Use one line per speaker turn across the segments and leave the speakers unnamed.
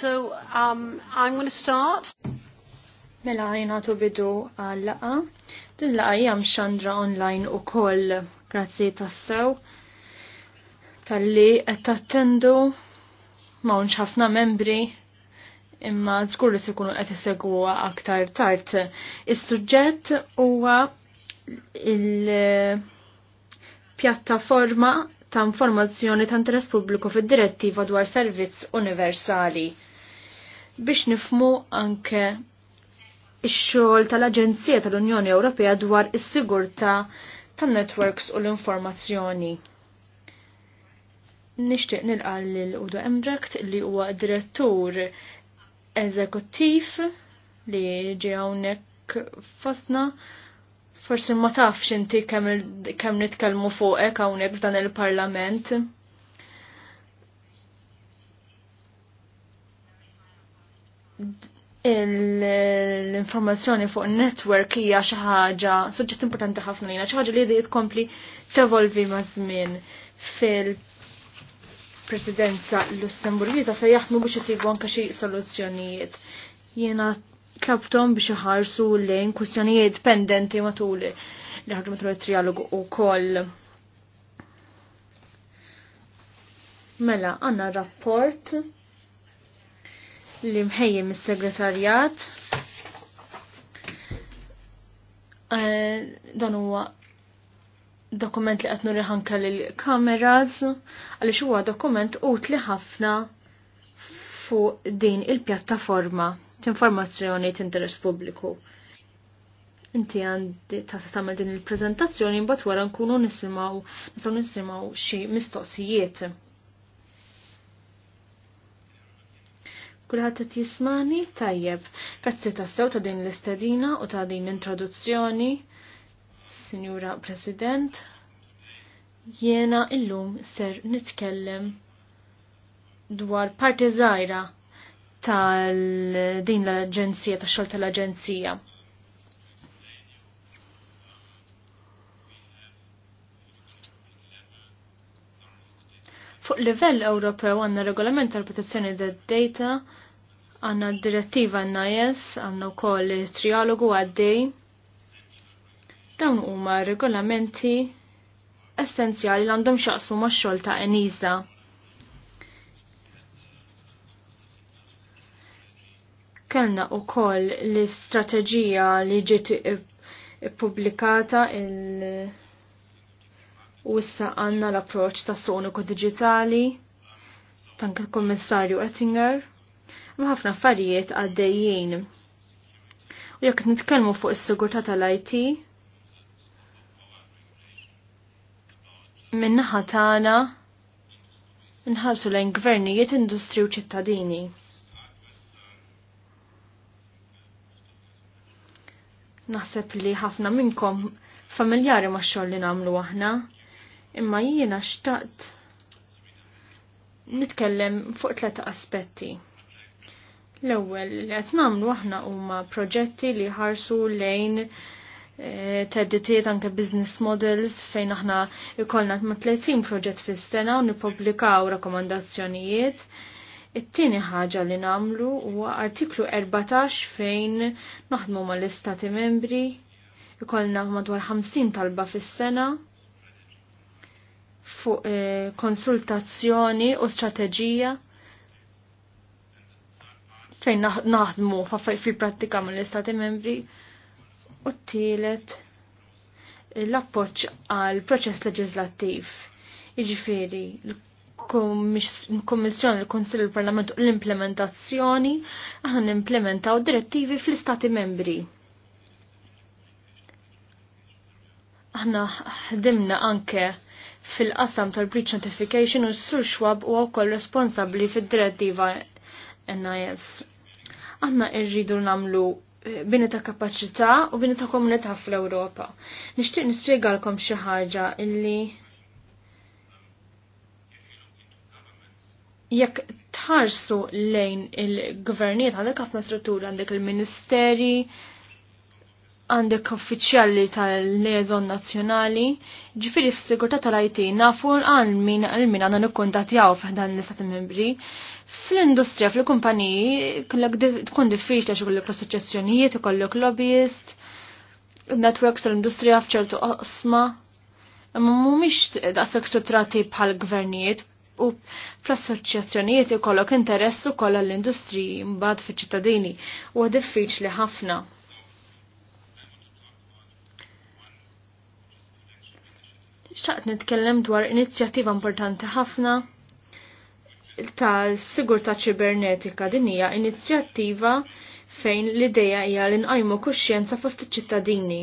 So um, I'm
going to start. Mela għajna tu bidu għal-laqa. Din laqa jgħam xandra online u koll. Grazzi tassew. Tal-li għattattendu ma ħafna membri imma zgur li sikunu qed isegwa aktar tard. Is-suġġett huwa il-pjattaforma ta' informazzjoni ta' interess pubbliku fid-direttiva dwar servizz universali biex nifmu anke ix-xogħol tal-Aġenzija tal-Unjoni Ewropea dwar is-sigurtà tan-networks u l-informazzjoni. Nixtieq nilqa' lil Udo Embrecht li huwa direttur eżekuttiv li ġie hawnhekk fostna forsi ma tafx inti kemm nitkellmu fuqek hawnhekk f'dan il-Parlament. l-informazzjoni fuq network hija xi ħaġa suġġett importanti ħafna lina, xi ħaġa li jdi tkompli tevolvi ma' żmien fil-presidenza Lussemburgiża se jaħdmu biex isibu anke xi soluzzjonijiet. Jiena tlabtom biex iħarsu lejn kwistjonijiet pendenti matul li ħarġu matul it-trialogu wkoll. Mela, għandna rapport li mħejjem is segretarjat eh, Dan huwa dokument li qed nuri lill-kameras għaliex huwa dokument utli ħafna fuq din il-pjattaforma t-informazzjoni t-interess pubbliku. Inti għandi ta' tagħmel din il-preżentazzjoni mbagħad wara nkunu nisimgħu nistgħu nisimgħu xi mistoqsijiet. Kulħadd t jismani tajjeb. Grazzi tassew ta' din l-istedina u ta' din l-introduzzjoni, Sinjura President. Jiena illum ser nitkellem dwar parti żgħira tal din l-Aġenzija tax-xogħol tal-Aġenzija. livell Ewropew għandna regolament tal-protezzjoni tad-data, għandna direttiva NIS, għandna wkoll trialogu għaddej. Dawn huma regolamenti essenzjali li għandhom xaqsmu max-xogħol ta' Enisa. kellna u koll l-istrateġija li ġiet publikata il- u issa għanna l-approċ ta' soniku digitali, tank il-kommissarju Ettinger, ma ħafna affarijiet għaddejjien. U jekk nitkellmu fuq is-sigurtà tal-IT, min-naħa tagħna nħarsu lejn gvernijiet, industri u ċittadini. Naħseb li ħafna minnkom familjari ma' xogħol li nagħmlu aħna imma jiena xtaqt nitkellem fuq tlet aspetti. L-ewwel li qed nagħmlu aħna huma proġetti li ħarsu lejn eh, tedditiet anke business models fejn aħna ikollna ma' 30 proġett fis-sena u nippubblikaw rakkomandazzjonijiet. It-tieni ħaġa li nagħmlu huwa artiklu 14 fejn naħdmu mal-istati membri ikollna madwar 50 talba fis-sena fuq eh, konsultazzjoni u strateġija fejn naħdmu fi prattika mill-Istati membri u t-tielet eh, l-appoċ għal proċess leġislattiv. Iġifiri, l-Kommissjoni, l-Konsil, l-Parlament u l-implementazzjoni għan implementaw direttivi fl-Istati membri. Aħna ħdimna anke fil-qasam tal-breach notification u s-sur xwab u wkoll responsabli fid-direttiva NIS. Aħna irridu namlu eh, bini ta' kapacità u bini ta' komunità fl-Ewropa. Nixtieq nispjegalkom xi ħaġa illi jekk tħarsu lejn il-gvernijiet għandek ħafna struttura għandek il-ministeri, għandek uffiċjali tal-liaison nazzjonali, ġifiri f-sigurta tal-IT nafu għal-min għal-min għanna nikkontatjaw f'dan l-istati membri. Fl-industrija, fl-kumpaniji, tkun diffiċli ta' xukollok l-assoċjazzjonijiet, ikollok lobbyist, networks tal-industrija f'ċertu qosma. Imma mhumiex daqshekk strutturati bħal gvernijiet u fl-assoċjazzjonijiet jkollok interess ukoll l industriji mbagħad fiċ-ċittadini u diffiċli ħafna. xaqt nitkellem dwar inizjattiva importanti ħafna ta' sigurta ċibernetika din hija inizjattiva fejn l-ideja hija li nqajmu kuxjenza fost iċ-ċittadini.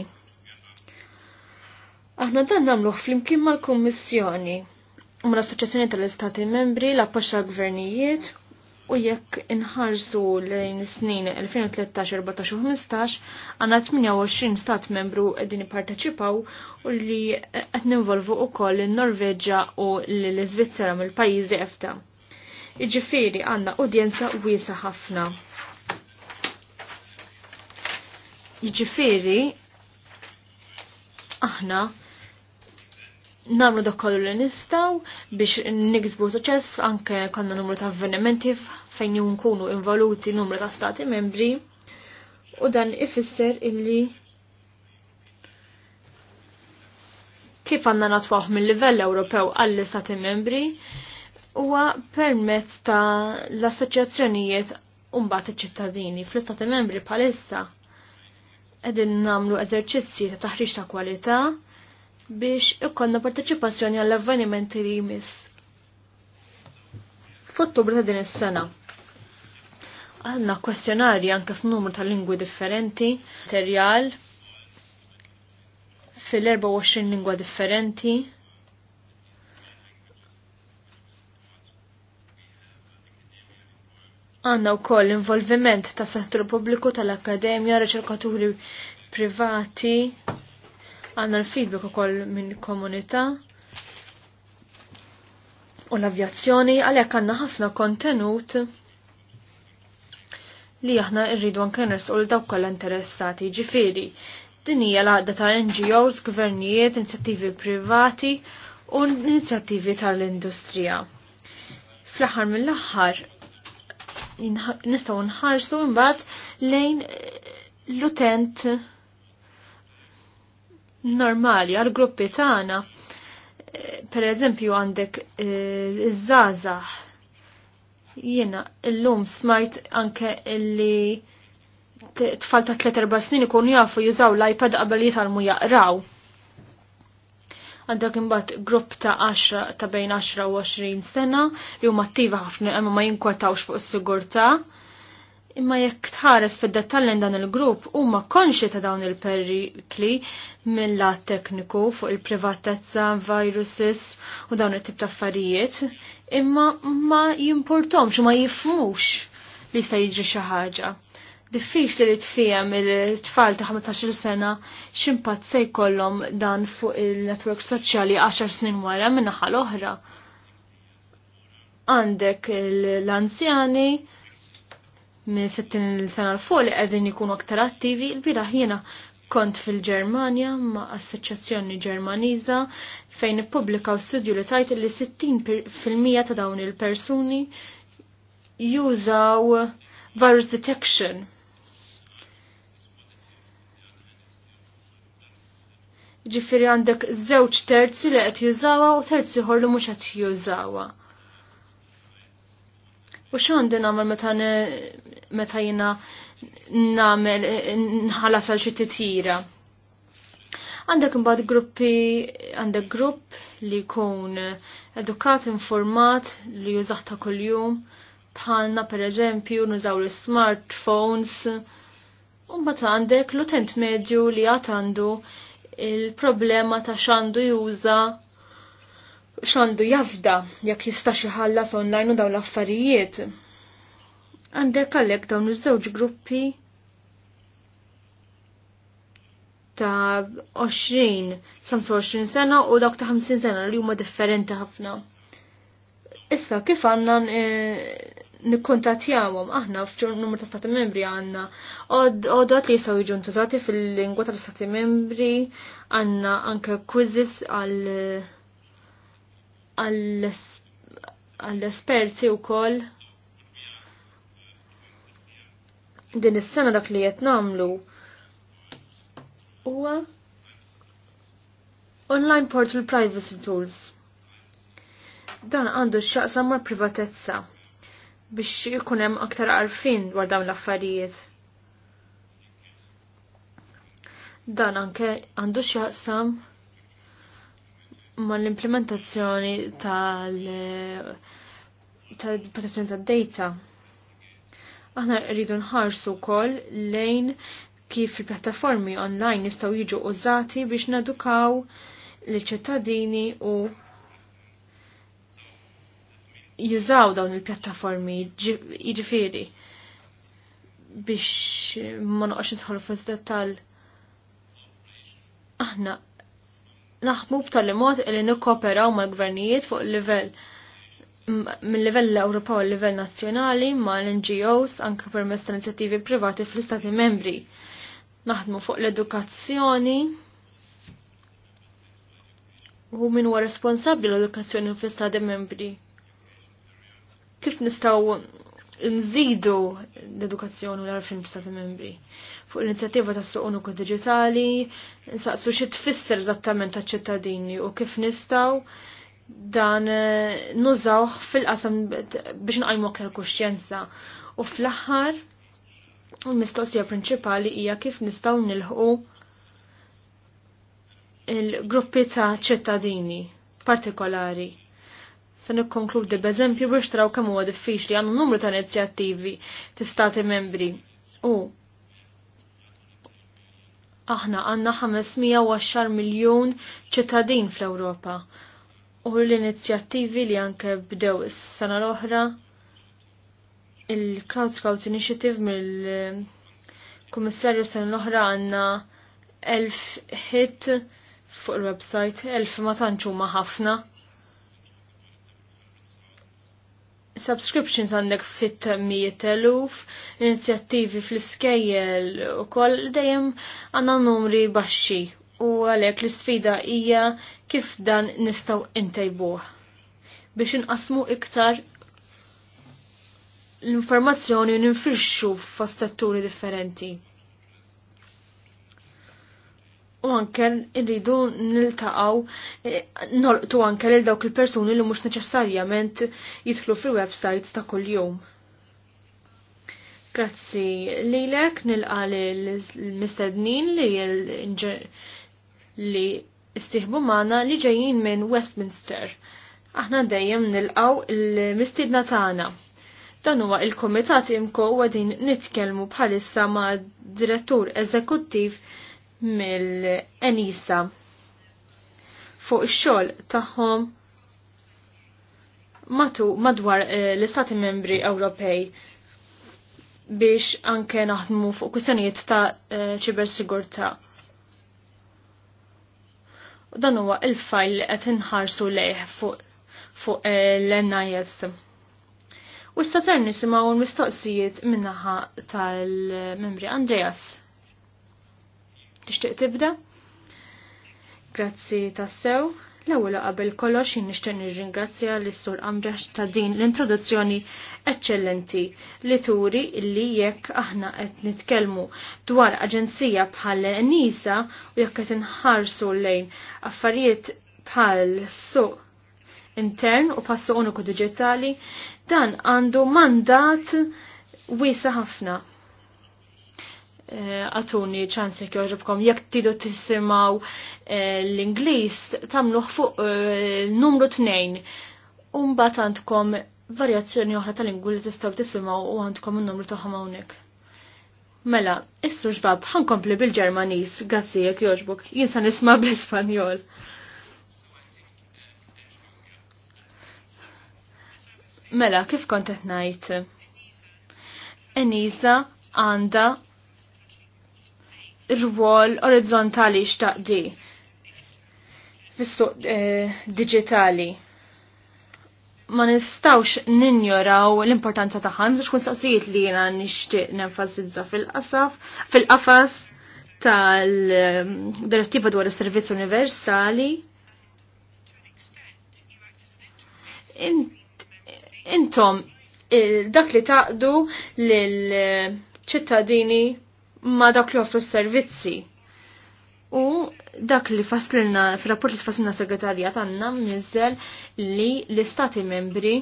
Aħna dan nagħmluh flimkien mal-Kummissjoni u mal-Assoċjazzjoni tal-Istati Membri l appoċċa gvernijiet u jekk inħarsu lejn snin 2013-14-15 għanna 28 stat membru din parteċipaw u li qed ninvolvu wkoll in-Norveġġa u l svizzera mill-pajjiżi EFTA. Iġifiri għandna udjenza wiesa ħafna. Jiġifieri aħna namlu dak kollu li nistaw biex niksbu suċess anke konna numru ta' avvenimenti fejn nkunu involuti numru ta' stati membri u dan ifisser illi kif għanna natwaħ mill-livell Ewropew għall-istati membri huwa permezz ta' l-assoċjazzjonijiet umbat iċ-ċittadini fl-istati membri bħalissa qegħdin namlu eżerċizzji ta' taħriġ ta' kwalità biex ikkonna parteċipazzjoni għall avvenimenti li jmiss. F'Ottubru ta' din is-sena. Għandna kwestjonarji anke f'numru ta' lingwi differenti, serjal fil-24 lingwa differenti. Għanna u koll involviment ta' settur pubbliku tal-akademja, riċerkaturi privati, Għanna l-feedback ukoll minn komunità u l-avjazzjoni għalhekk għandna ħafna kontenut li aħna rridu kenners u l dawk kollha interessati ġifiri. Din hija l-għadda ta' NGOs, gvernijiet, inizjattivi privati u inizjattivi tal-industrija. Fl-aħħar mill-aħħar nistgħu nħarsu mbagħad lejn l-utent normali għal gruppi tagħna per eżempju għandek eh, iż-żaza jiena llum smajt anke illi tfal ta' 3-4 snin ikunu jafu jużaw l-iPad qabel jitalmu jaqraw. Għandek imbagħad grupp ta' 10 ta' bejn 10 u 20 sena li huma attiva ħafna imma ma jinkwetawx fuq is-sigurtà imma jekk tħares fid-dettallin dan il-grupp huma konxi ta' dawn il-perikli mill-lat tekniku fuq il-privatezza, viruses u dawn it-tip ta' affarijiet, imma ma jimportomx ma jifmux li jista' jiġri xi ħaġa. Diffiċ li tfijem il-tfal ta' 15 sena ximpat se jkollhom dan fuq il network soċjali 10 snin wara naħa l-oħra. Għandek l-anzjani, minn 60 sena l-fuq li qegħdin jkunu aktar attivi, l-biraħ jiena kont fil-Ġermanja ma' assoċjazzjoni Ġermaniża fejn ippubblikaw studju li tajt li 60% ta' dawn il-persuni jużaw virus detection. Ġifiri għandek żewġ terzi li qed jużawha u terzi ħor li mhux qed jużawa. U x'għandi nagħmel meta meta jina namel nħalas għal xi titjira. Għandek imbagħad gruppi għandek grupp li jkun edukat, informat, li jużaħta kuljum bħalna pereżempju nużaw l-smartphones. U mbagħad għandek l-utent medju li għad għandu il-problema ta' xandu juża xandu jafda jekk jista' xi ħallas online u dawn l-affarijiet Għandek għallek dawn iż-żewġ gruppi ta' 20, 25 sena u dawk ta' 50 sena li huma differenti ħafna. Issa kif għanna e, nikkontatjawhom aħna f'ġur numru ta' stati membri għandna għat li jistgħu jiġu ntużati fil-lingwa tal-stati membri, għandna anke quizzes għall-esperti wkoll din is-sena dak li qed nagħmlu huwa online portal privacy tools. Dan għandu x-xaqsam mal privatezza biex ikun hemm aktar għarfin dwar dawn l-affarijiet. Dan anke għandu x'jaqsam mal implementazzjoni tal protezzjoni tad-data. Aħna rridu nħarsu wkoll lejn kif il-pjattaformi online nistgħu jiġu użati biex nadukaw l-ċittadini u jużaw dawn il-pjattaformi jiġifieri biex ma noqgħodx nidħol f'dettall. Aħna naħdmu b'tali mod li nikkooperaw mal-gvernijiet fuq il-livell mill livell Ewropew u livell nazzjonali mal NGOs anke permezz ta' inizjattivi privati fl-Istati membri. Naħdmu fuq l-edukazzjoni u min huwa responsabbli l-edukazzjoni fl-Istati membri. Kif nistgħu nżidu l-edukazzjoni u l għarfin fl-Istati membri? Fuq l-inizjattiva ta' suq uniku digitali, nsaqsu xi tfisser eżattament ta' ċittadini u kif nistgħu dan eh, nużawh fil-qasam biex nqajmu aktar kuxjenza. U fl-aħħar, il-mistoqsija prinċipali hija kif nistgħu nilħu il-gruppi ta' ċittadini partikolari. Se nikkonkludi b'eżempju biex traw kemm huwa diffiċli għandu numru ta' inizjattivi fi stati membri u aħna għandna 510 miljun ċittadin fl-Ewropa u l-inizjattivi li anke bdew is-sena l-oħra il-Crowd Scout Initiative mill-Kummissarju sena l-oħra għandna elf hit fuq il-website, elf ma tantx huma ħafna. Subscriptions għandek ftit eluf, inizjattivi fl-iskejjel u koll dejjem għandna numri baxxi u għalhekk l-isfida hija kif dan nistgħu intejbuh biex inqasmu iktar l-informazzjoni u ninfirxu f'astatturi differenti. U anke rridu niltaqgħu eh, nolqtu anke lil dawk il-persuni li mhux neċessarjament jidħlu fil-websites ta' kuljum. Grazzi lilek nilqa l-mistednin li li istihbu maħna li ġejjin minn Westminster. Aħna dejjem nilqaw il-mistidna tagħna. Dan huwa il-Komitat imko għadin nitkellmu bħalissa ma' direttur eżekuttiv mill-Enisa fuq ix-xogħol tagħhom matu madwar eh, l-Istati Membri Ewropej biex anke naħdmu fuq kwistjonijiet ta' eh, ċibersigurtà. U dan huwa il-fajl li qed inħarsu lejh fuq eh, l-NIS. U nisimgħu l mistoqsijiet minnaħa tal-membri Andreas. Tixtieq tibda? Grazzi tassew. L-ewwel qabel kollox nixtieq nirringrazzja lis-Sur Amrax ta' din l-introduzzjoni eċċellenti li turi li jekk aħna qed nitkellmu dwar aġenzija bħal nisa u jekk qed inħarsu lejn affarijiet bħal suq intern u passu uniku digitali, dan għandu mandat wiesa ħafna Eh, għatuni ċansi kjoġobkom, jek tidu tisimaw eh, l-Inglis, tamluħ fuq l-numru eh, 2, un-bat għandkom varjazzjoni oħra tal inglis li tistaw tisimaw u għandkom il-numru taħħom hawnhekk. Mela, issu ġbab, ħankompli bil-Ġermanis, grazzi jek joġbok, jinsan nisma bl-Ispanjol. Mela, kif kontet najt? Enisa għanda rwol orizzontali xtaqdi fis-suq eh, digitali. Ma nistawx ninjoraw l-importanza taħan, biex kun staqsijiet li jena nishtiq nenfasizza fil-qasaf, fil-qafas tal-direttiva dwar is servizzi universali. Intom, eh, dak li taqdu l ċittadini ma dak li offru s-servizzi. U dak li faslilna, fil-rapport li faslilna segretarja għanna, nizzel li l-istati membri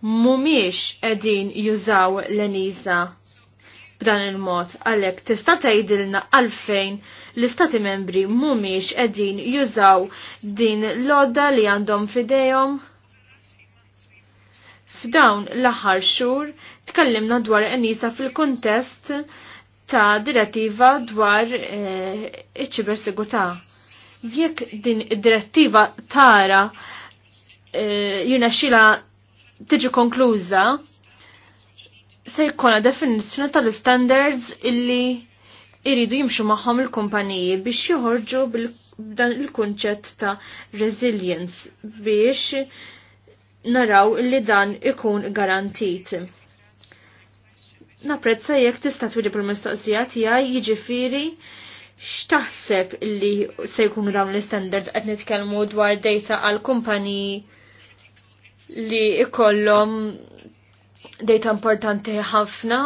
mumiex edin jużaw l-eniza b'dan il-mod. Għalek, tista' tgħidilna għalfejn l-istati membri mumiex edin jużaw din l-odda li għandhom fidejhom? F'dawn l-aħħar xhur tkellimna dwar enisa fil-kuntest ta' direttiva dwar eh, iċ-ċibersigurtà. Jekk din id-direttiva tara eh, jiena xila tiġi konkluża, se jkollna definizzjoni tal-standards illi iridu jimxu magħhom il-kumpaniji biex joħorġu bil-dan il-kunċett ta' resilience biex naraw li dan ikun garantit. Naprezza jekk tista' twieġeb il-mistoqsija tiegħi jiġifieri x'taħseb li se jkun dawn l-standards qed nitkellmu dwar data għal kumpaniji li ikollhom data importanti ħafna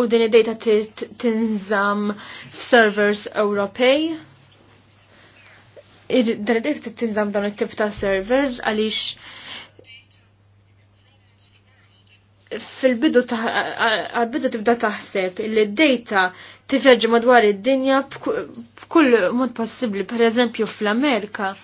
u din id-data tinżam f'servers Ewropej id-dredet t-tinżam dan it-tip ta' servers għalix fil-bidu għal-bidu tibda taħseb li d-data tivjaġġi madwar id-dinja b'kull mod possibbli, per eżempju fl-Amerika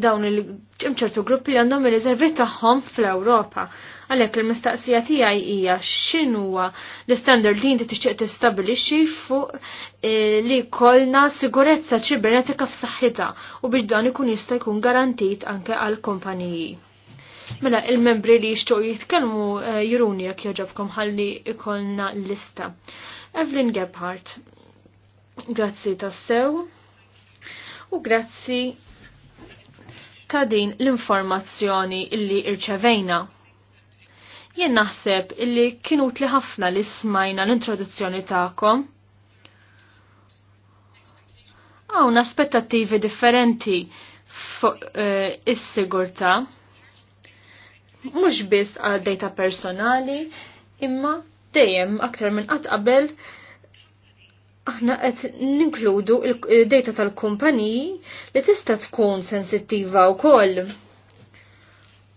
dawn il-ċertu gruppi li għandhom il rezervi tagħhom fl-Ewropa. Għalhekk il-mistaqsija tiegħi hija x'inhuwa l standard li inti tixtieq tistabbilixxi fuq eh, li kolna sigurezza ċibernetika f'saħħitha u biex dan ikun jista' jkun garantit anke għal kumpaniji. Mela il-membri li jixtiequ jitkellmu eh, juruni jekk joġobkom ħalli l lista. Evelyn Gebhardt. Grazzi tassew u grazzi ta' din l-informazzjoni illi irċevejna. Jien naħseb illi kienu li ħafna li smajna l-introduzzjoni ta'kom. Għawna aspettattivi differenti fuq uh, eh, is-sigurta. Mhux biss għal data personali, imma dejjem aktar minn qatt qabel aħna qed ninkludu il-data tal-kumpaniji li tista' tkun sensittiva wkoll.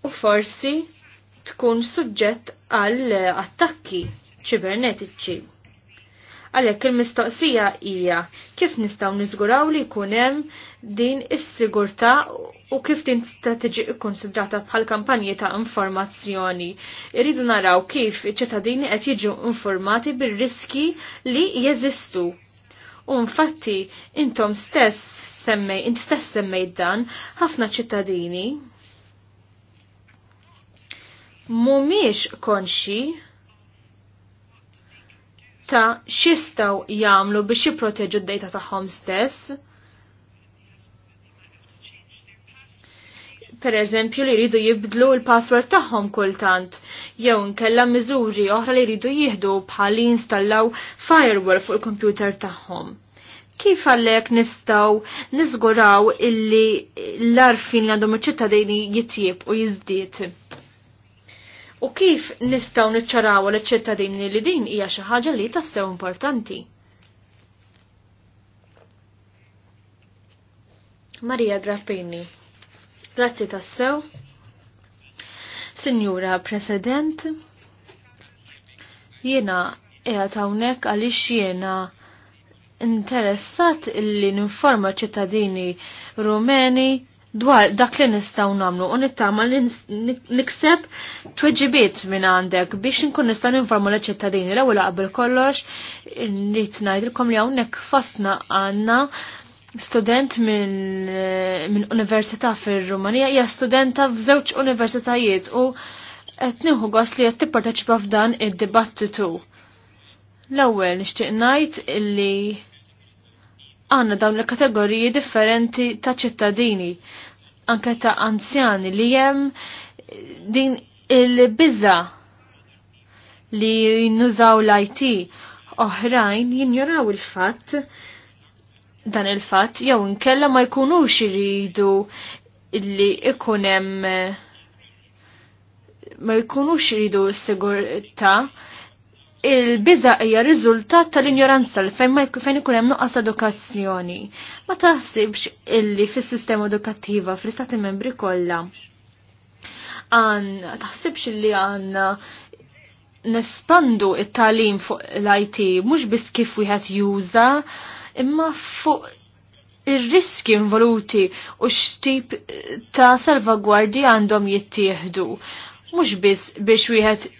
U forsi tkun suġġett għall attakki ċibernetiċi. Għalhekk il-mistoqsija hija kif nistgħu niżguraw li jkun hemm din is-sigurtà u kif din tista' tiġi kkonsidrata bħal kampanji ta' informazzjoni. Irridu naraw kif iċ-ċittadini qed jiġu informati bir-riski li jeżistu. U infatti intom stess semmej, inti stess semmej dan ħafna ċittadini mumiex konxi ta' xistaw jamlu biex jipproteġu d-dejta tagħhom stess. per eżempju li jridu jibdlu l-password tagħhom kultant, jew nkella miżuri oħra li jridu jieħdu bħal jinstallaw firewall fuq il-kompjuter tagħhom. Kif għallek nistaw nizguraw illi l-arfin li għandhom iċ-ċittadini jitjib u jizdiet? U kif nistgħu niċċaraw l ċittadini li din hija xi ħaġa li tassew importanti? Maria Grappini. Grazzi tassew. Signora President, jiena qiegħed hawnhekk għaliex jiena interessat li ninforma ċittadini rumeni dwar dak li nistaw namlu u nittama li nikseb tweġibiet minn għandek biex nkun nistaw ninformu l-ċittadini l-ewwel qabel kollox li tnajdilkom li hawnhekk fostna għandna student minn università fir-Rumanija hija studenta f'żewġ universitajiet u qed nieħu gost li qed tipparteċipa f'dan id-dibattitu. L-ewwel nixtieq ngħid illi għanna dawn il-kategoriji differenti ta' ċittadini, anke ta' anzjani li jem din il-bizza li jinnużaw l-IT oħrajn jinjoraw il-fatt dan il-fatt jew inkella ma jkunux iridu illi ikunem ma jkunux iridu s-sigurta il-biża hija riżultat tal-injoranza li fejn fejn ikun hemm nuqqas edukazzjoni. Ma taħsibx illi fis-sistema edukattiva fl-istati membri kollha għan taħsibx illi għanna nespandu it-talim fuq l-IT mhux biss kif wieħed juża imma fuq ir-riski involuti u x'tip ta' salvagwardji għandhom jittieħdu mhux biss biex wieħed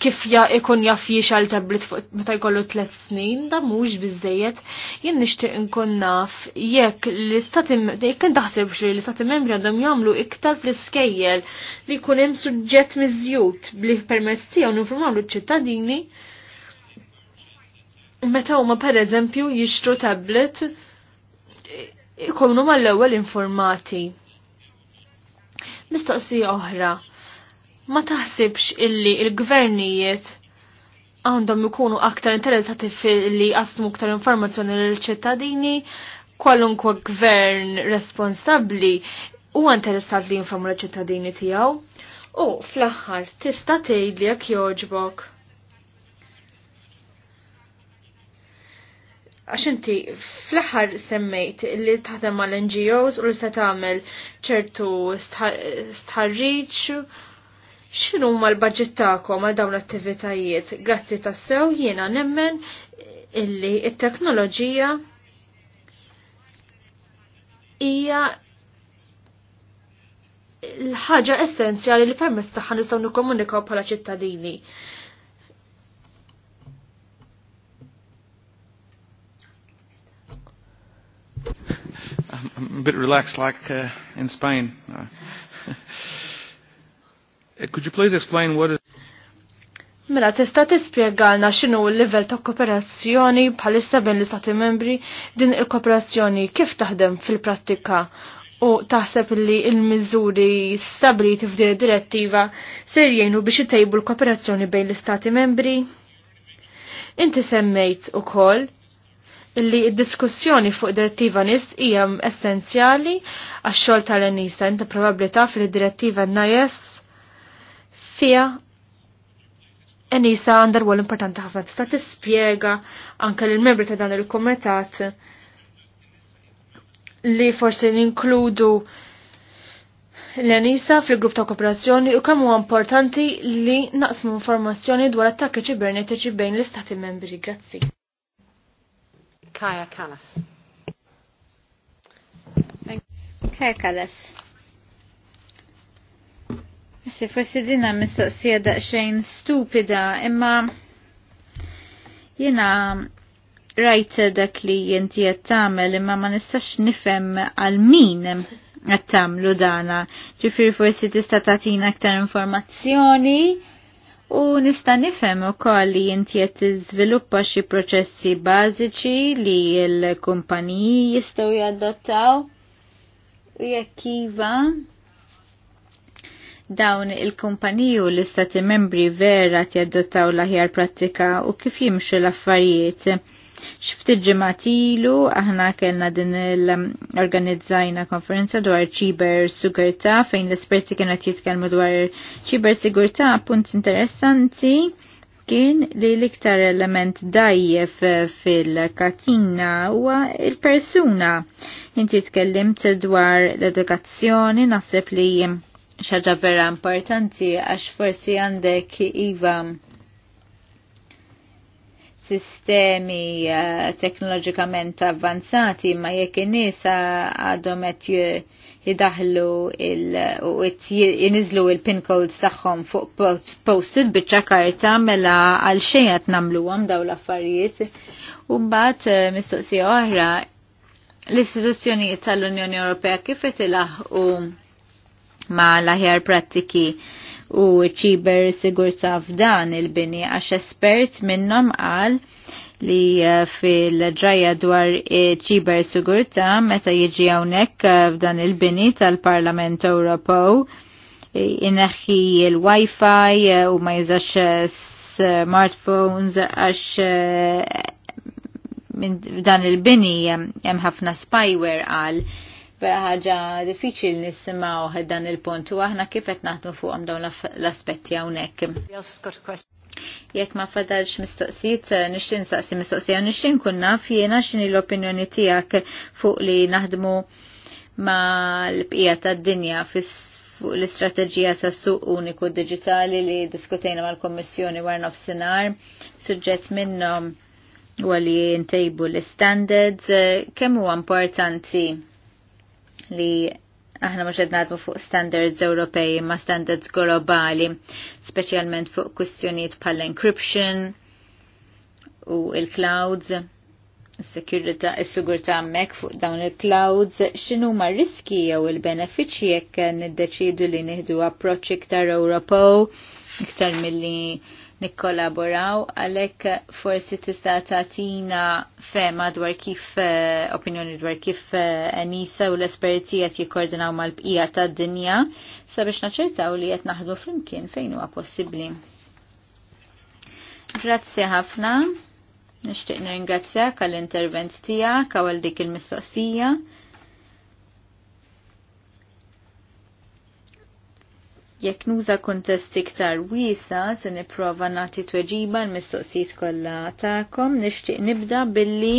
kif ja ikun jaf jiexal tablet meta jkollu tlet snin, da mhux biżejjed jien nixtieq inkun naf jekk l-istati jekk taħseb li l-istati membri għandhom jagħmlu iktar fl-iskejjel li jkun hemm suġġett miżjud bli permezz tiegħu nifurmawlu ċ ċittadini meta huma pereżempju jixtru tablet ikunu mal-ewwel informati. Mistoqsija oħra ma taħsibx illi il-gvernijiet għandhom ikunu aktar interessati fil-li għastmu aktar informazzjoni l-ċittadini, kwalunkwa gvern responsabli u interessat li jinformu l-ċittadini tijaw. U fl-axħar tista' li jekk joġbok. Għax inti fl-aħħar semmejt li taħdem mal-NGOs u li se tagħmel ċertu stħarriċ xinu ma l-budget ta'kom għal dawn l-attivitajiet? Grazzi tassew jiena nemmen illi il-teknoloġija hija l-ħaġa essenzjali li permess taħħa nistgħu nikkomunikaw bħala ċittadini.
I'm a bit relaxed like uh, in Spain. Uh, could you please explain what is...
Mela, tista tispiegħalna xinu l-level ta' kooperazzjoni bħalissa bejn l-istati membri din il-kooperazzjoni kif taħdem fil-prattika u taħseb li il-miżuri stabiliti f'din id-direttiva ser jgħinu biex itejbu l-kooperazzjoni bejn l-istati membri? Inti semmejt ukoll li d diskussjoni fuq direttiva NIS hija essenzjali għax-xogħol tal-Enisa. Inti probabbli taf li direttiva NIS fija Enisa għandar wol importanti ħafna tista' tispjega anke l membri ta' dan il-kumitat li forsi ninkludu l-Enisa fil-grupp ta' kooperazzjoni u kemm huwa importanti li naqsmu informazzjoni dwar attakki ċibernetiċi bejn l-istati membri. Grazzi.
Kaja Kallas. Kaja Kallas. Si forsi dina mistoqsija daqsxejn stupida, imma jena rajt dak li jinti għattamel, imma ma nistax nifem għal min għattamlu dana. Ġifir forsi tista tatina aktar informazzjoni u nista nifem u koll li jinti jett izviluppa xi proċessi bażiċi li l-kumpaniji jistaw jadottaw u jekk iva dawn il-kumpaniju l-istati membri vera tjaddottaw laħjar pratika u kif jimxu l-affarijiet. Xifti ġematilu, aħna kellna din l-organizzajna konferenza dwar ċiber sigurta, fejn l-esperti kienet jitkellmu dwar ċiber sigurta, punt interessanti kien li l-iktar element dajjef fil-katina huwa il-persuna. Inti tkellimt dwar l-edukazzjoni, naħseb li xaġa vera importanti għax forsi għandek iva sistemi eh, teknoloġikament avvanzati ma jekk in-nies għadhom qed jidaħlu il u jinizlu il-pin codes tagħhom fuq posted biċċa karta mela għal xejn qed nagħmluhom daw l-affarijiet. U mbagħad eh, mistoqsija oħra l-istituzzjonijiet tal-Unjoni Ewropea kif qed ilaħqu ma laħjar prattiki u ċiber sigurta f'dan il-bini għax espert minnom għal li eh, fil ġajja dwar eh, ċiber sigurta meta jiġi hawnhekk eh, f'dan il-bini tal-Parlament Ewropew ineħħi il-Wi-Fi u ma jizax smartphones għax f'dan dan il-bini hemm ħafna spyware għal vera ħaġa diffiċil nisimgħu dan il-punt u aħna kif qed naħdmu fuqhom dawn l-aspetti hawnhekk. Jekk ma fadalx mistoqsijiet, eh, nixtin saqsi mistoqsija, nixtin kun naf jiena x'inhi l-opinjoni tiegħek fuq li naħdmu ma l-bqija tad-dinja fis fuq l-istrateġija ta' suq uniku digitali li diskutejna mal-Kommissjoni war nofsinhar, suġġett minnhom u li jintejbu l-standards, eh, kemm huwa importanti li aħna mhux qed nadmu fuq standards Ewropej ma standards globali, speċjalment fuq kwistjonijiet pal encryption u il-clouds, il sigurtà is-sigurtà fuq dawn il-clouds, xinu ma riski jew il-benefiċċji jekk niddeċidu li nieħdu approċċi iktar Ewropew iktar milli nikkollaboraw għalhekk forsi tista' tagħtina fema dwar kif eh, opinjoni dwar kif eh, Enisa u l-esperti qed jikkordinaw mal-bqija tad-dinja sabiex naċertaw li qed naħdmu flimkien fejn huwa possibbli. Grazzi ħafna. Nishtiq ringrazzjak għall-intervent tijak għal dik il-mistoqsija. Jekk nuża kuntest iktar wiesa se nipprova nagħti tweġiba l-mistoqsijiet kollha tagħkom, nixtieq nibda billi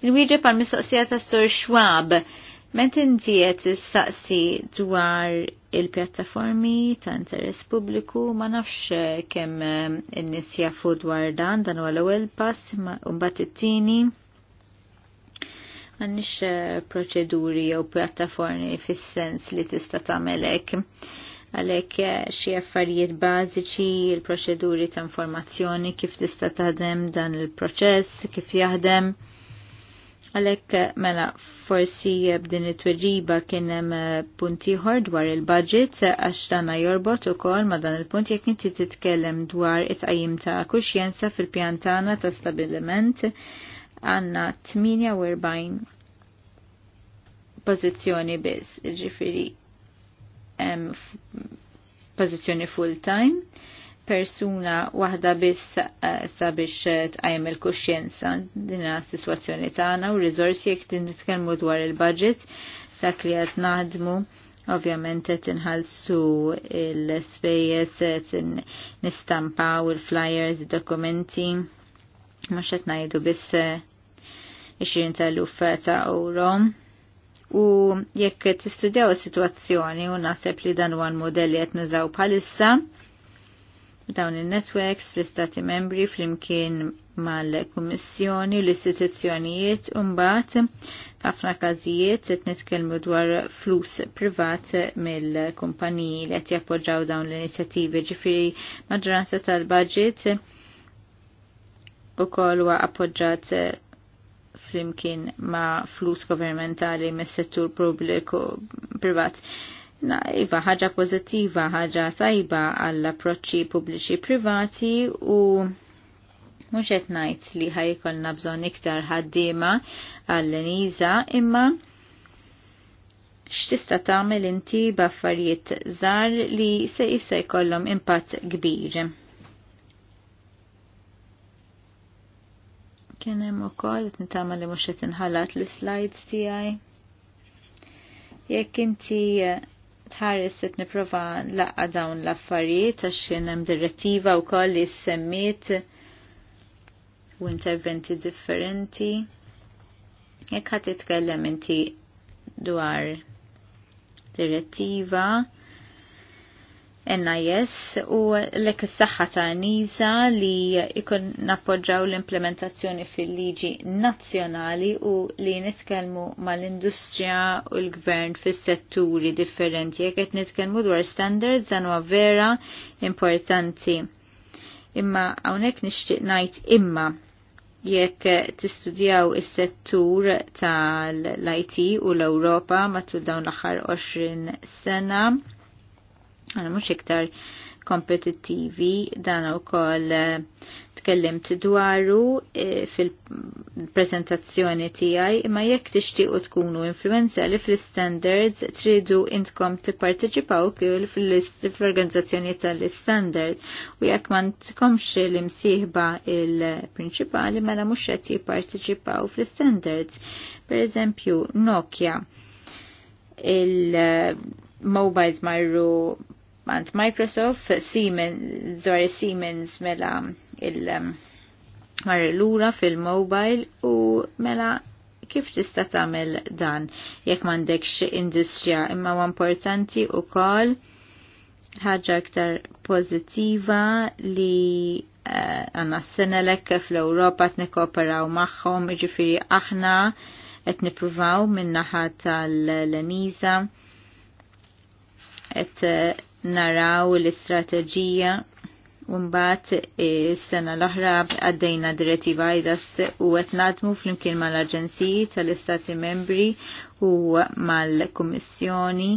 il-wieġeb għal mistoqsija ta' Sur Schwab. Ment intiet qed issaqsi dwar il-pjattaformi ta' interess pubbliku ma nafx kemm in-nies jafu dwar dan dan huwa l-ewwel pass u mbagħad it-tieni Għannix eh, proċeduri jew pjattaformi fis-sens li tista' tagħmel hekk għalek eh, xie affarijiet bażiċi, il-proċeduri ta' informazzjoni, kif tista' taħdem dan il-proċess, kif jaħdem. Għalek eh, mela forsi b'din it-tweġiba kien hemm punti dwar il-budget għax dana jorbot ukoll ma dan il-punt jekk inti titkellem dwar it-qajjim ta' kuxjenza fil-pjantana ta' stabilment għanna 48 pozizjoni biss, ġifiri pozizjoni full-time, persuna waħda biss eh, sabiex eh, tqajjem il-kuxjenza dina s-sitwazzjoni tagħna u riżorsi jekk nitkellmu dwar il-budget dak li qed naħdmu ovvjament qed inħallsu l-spejjeż qed nistampaw il-flyers, id-dokumenti. il flyers id dokumenti mux qed ngħidu biss 20,000 eh, ta' euro. U jekk tistudjaw is-sitwazzjoni u naħseb li dan huwa l-modell li qed nużaw bħalissa, dawn il-networks fl-istati membri fl-imkien mal-kummissjoni u l-istituzzjonijiet umbat f'ħafna każijiet qed nitkellmu dwar flus privat mill-kumpaniji li qed jappoġġaw dawn l-inizjattivi ġifiri maġġoranza tal-budget u koll huwa appoġġat eh, flimkien ma' flus governmentali mis-settur pubbliku privat. Na, iva, ħaġa pozittiva, ħaġa tajba għall-approċċi pubbliċi privati u mhux qed ngħid li ħajkolna bżonn iktar ħaddiema għall niza imma x'tista' tagħmel inti b'affarijiet żgħar li se issa jkollhom impatt kbir. Kien hemm ukoll qed nitama li mhux qed inħalat l-slides tiegħi. Jekk inti eh, tħares qed nipprova laqqa dawn l-affarijiet għax kien hemm direttiva wkoll li semmiet u interventi differenti. Jekk ħadd itkellem inti dwar direttiva, NIS u lek s-saxħa ta' NISA li ikun nappoġġaw l-implementazzjoni fil-liġi nazzjonali u li nitkelmu mal-industrija u l-gvern fis-setturi differenti jekk qed nitkellmu dwar standards għanu huwa vera importanti. Imma hawnhekk nixtieq ngħid imma jekk tistudjaw is-settur tal-IT u l-Ewropa matul dawn l-aħħar 20 sena għana mux iktar kompetittivi dan u koll eh, tkellimt dwaru eh, fil-prezentazzjoni tijaj imma jekk tixtiqu tkunu li fil-standards tridu intkom tipparteċipaw kif fil-organizzazzjoni tal-standard u jekk ma tkomx li imsieħba il-prinċipali mela mhux qed jipparteċipaw fil-standards. Per eżempju, Nokia il-mobiles marru mant Microsoft, Siemens, zor Siemens mela il- um, mar lura fil-mobile u mela kif tista tagħmel dan jekk m'għandekx industrija imma huwa importanti wkoll ħaġa aktar pożittiva li għanna uh, s-sena fl-Europa qed nikkooperaw magħhom, jiġifieri aħna qed nippruvaw min-naħa tal-Leniza qed uh, naraw l-istrateġija Umbat is-sena l-oħra għaddejna direttiva IDAS u qed nadmu flimkien mal-Aġenziji tal-Istati Membri u mal-Kummissjoni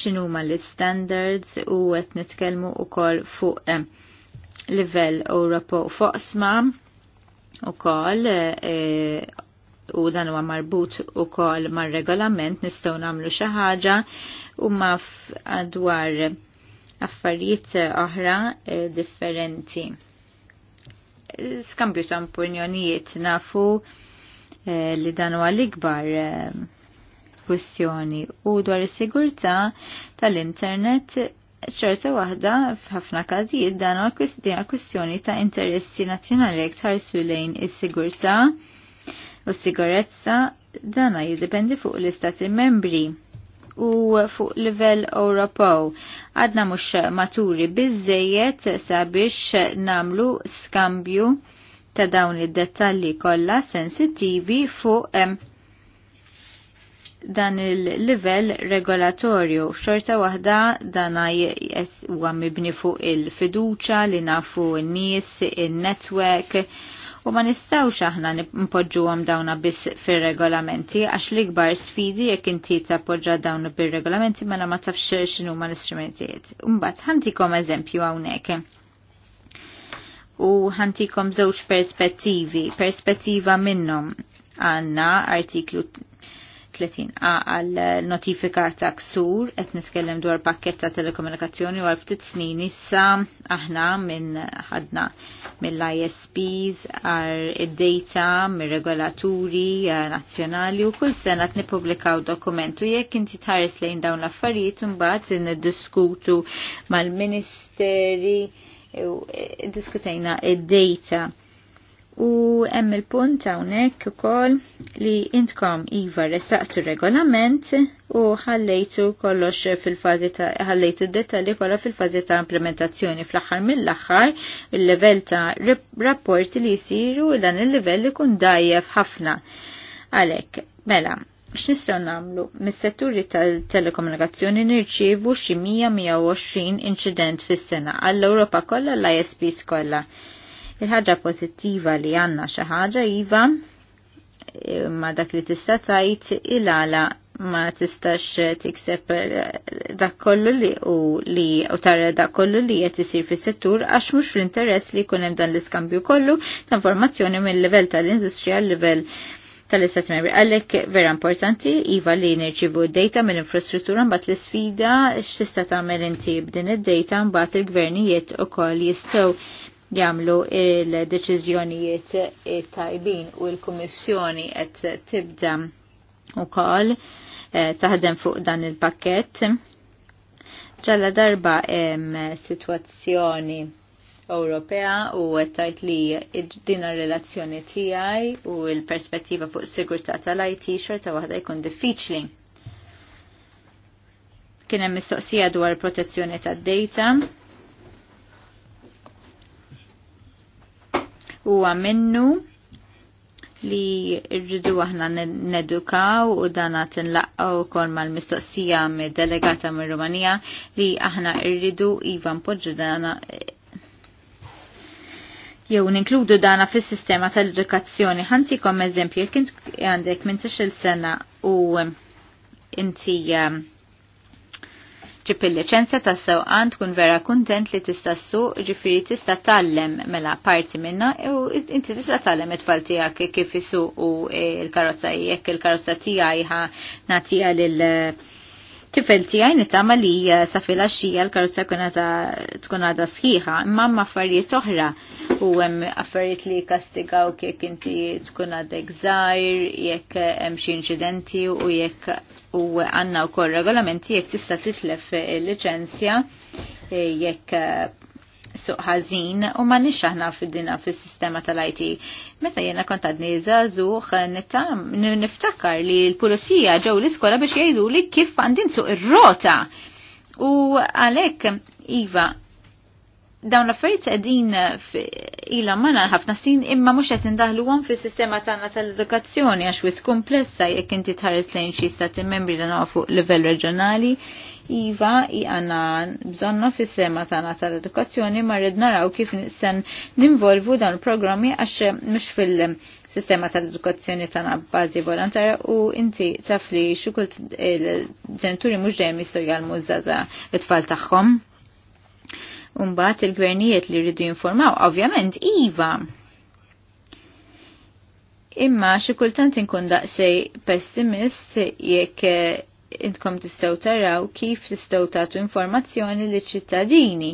x'inhu mal-standards u qed nitkellmu wkoll fuq eh, livell u foqsma ukoll eh, u dan huwa marbut ukoll mar-regolament nistgħu nagħmlu xi ħaġa u ma dwar affarijiet oħra eh, differenti. Skambju ta' opinjonijiet nafu eh, li dan huwa l-ikbar eh, kwestjoni u dwar is-sigurtà tal-internet ċerta waħda f'ħafna każijiet dan huwa kwestjoni ta' interessi nazzjonali iktar lejn is-sigurtà u s-sigurezza dana jiddependi fuq l-istati membri u fuq livell Ewropew. Għadna mhux maturi biżejjed sabiex namlu skambju ta' dawn id-dettalji kollha sensittivi fuq dan il-livell regolatorju. Xorta waħda dan huwa mibni fuq il-fiduċa li nafu n-nies, in-netwerk, il u ma nistawx aħna nipoġġuhom dawna biss fir-regolamenti għax l-ikbar sfidi jekk inti tappoġġa dawn bir-regolamenti mela ma tafx x'inhu ma l-istrumentijiet. Imbagħad ħantikom eżempju hawnhekk. U ħantikom żewġ perspettivi, perspettiva minnhom għandna artiklu 30 għal notifika ta' ksur qed niskellem dwar pakketta ta' telekomunikazzjoni u għal ftit snin issa aħna minn ħadna mill-ISPs għar id-data mir-regolaturi eh, nazzjonali u kull sena qed nippubblikaw dokumentu jekk inti tħares lejn dawn l-affarijiet imbagħad niddiskutu mal-ministeri eh, diskutejna id-data U hemm il-punt hawnhekk ukoll li intkom iva ressaqtu regolament u ħallejtu kollox fil-fażi ta' ħallejtu dettalji kollha fil-fażi ta' implementazzjoni fl-aħħar mill-aħħar il-livell ta' rapporti li jsiru dan il-livell ikun dajjef ħafna. Għalhekk, mela, x'nistgħu nagħmlu? Mis-setturi tal-telekomunikazzjoni nirċievu xi 100-120 inċident fis-sena għall-Ewropa kollha l-ISPs kollha Il-ħaġa pozittiva li għanna xi ħaġa iva e, ma dak li tista' tajt il-għala ma tistax tikseb e, dak kollu li u li u tara dak kollu li qed isir fis-settur għax mhux fl-interess li jkun hemm dan l-iskambju kollu ta' informazzjoni mill-livell tal-industrija l-livell tal-Istat Membri. Għallek vera importanti, Iva, li nirġibu d-data mill infrastruttura mbagħad l-sfida x'tista' tagħmel inti b'din id-data mbagħad il-gvernijiet ukoll jistgħu jamlu il-deċizjonijiet tajbin u l-Kummissjoni qed tibda wkoll eh, taħdem fuq dan il-pakket. Ġalla darba hemm sitwazzjoni Ewropea u qed tgħid li din relazzjoni tiegħi u l-perspettiva fuq sigurtà tal-IT xorta waħda jkun diffiċli. Kien hemm mistoqsija dwar protezzjoni tad-data huwa minnu li rridu aħna nedukaw u dana tinlaqqaw kol mal-mistoqsija delegata mir rumanija li aħna rridu iva npoġġu dana eh, jew ninkludu dana fis-sistema tal-edukazzjoni. Ħantikom eżempju, jekk għandek minn il sena u eh, inti eh, ġib il-licenza ta' sewqan tkun vera kuntent li tista' ssuq ġifiri tista' tallem mela parti minna u inti tista' tallem it-tfal tiegħek kif isuq u eh, l-karozza jekk il-karozza tiegħi ħa nagħtiha lil eh, tifel tiegħi nitama li eh, sa filgħaxija l-karozza tkun għada sħiħa, imma hemm affarijiet oħra u għem affarijiet li kastigaw jekk inti tkun għadek żgħir, jekk hemm xi incidenti u jekk u għandna wkoll regolamenti jekk tista' titlef il-liċenzja eh, jekk suq ħażin u ma nix aħna fid-dina fis-sistema tal-IT. Meta jiena kont għadni żagħżugħ niftakar li l-pulizija ġew l-iskola biex jgħidu li kif għandin suq ir-rota. U għalhekk iva dawn l-affarijiet qegħdin ilha mana ħafna sin imma mhux qed indaħluhom fis-sistema tagħna tal-edukazzjoni għax wis komplessa jekk inti tħares lejn xi stati membri li fuq livell reġjonali Iva i għanna bżonna fis sema tana tal-edukazzjoni ma rrid naraw kif sen ninvolvu dan il-programmi għax mux fil-sistema tal-edukazzjoni tana bazi volontarja u inti tafli xukult il ġenturi mux dejjem jistu jgħalmu zaza it-tfal tagħhom. Umbat il-gvernijiet li rridu jinformaw, ovvjament, Iva, imma xi kultant inkun daqsej pessimist jekk intkom tistaw taraw kif tistaw tagħtu informazzjoni li ċittadini